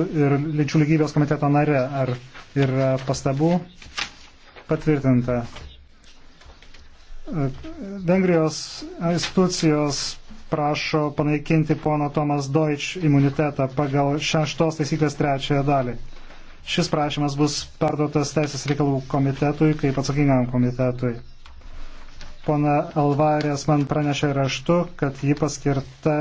ir lyčių lygybės komiteto nare. Ar yra pastabų? Patvirtinta. Vengrijos institucijos prašo panaikinti pono Tomas Deutsch imunitetą pagal šeštos taisyklės trečiąją dalį. Šis prašymas bus perduotas Teisės reikalų komitetui kaip atsakingam komitetui. Pona Alvarės man pranešė raštu, kad ji paskirta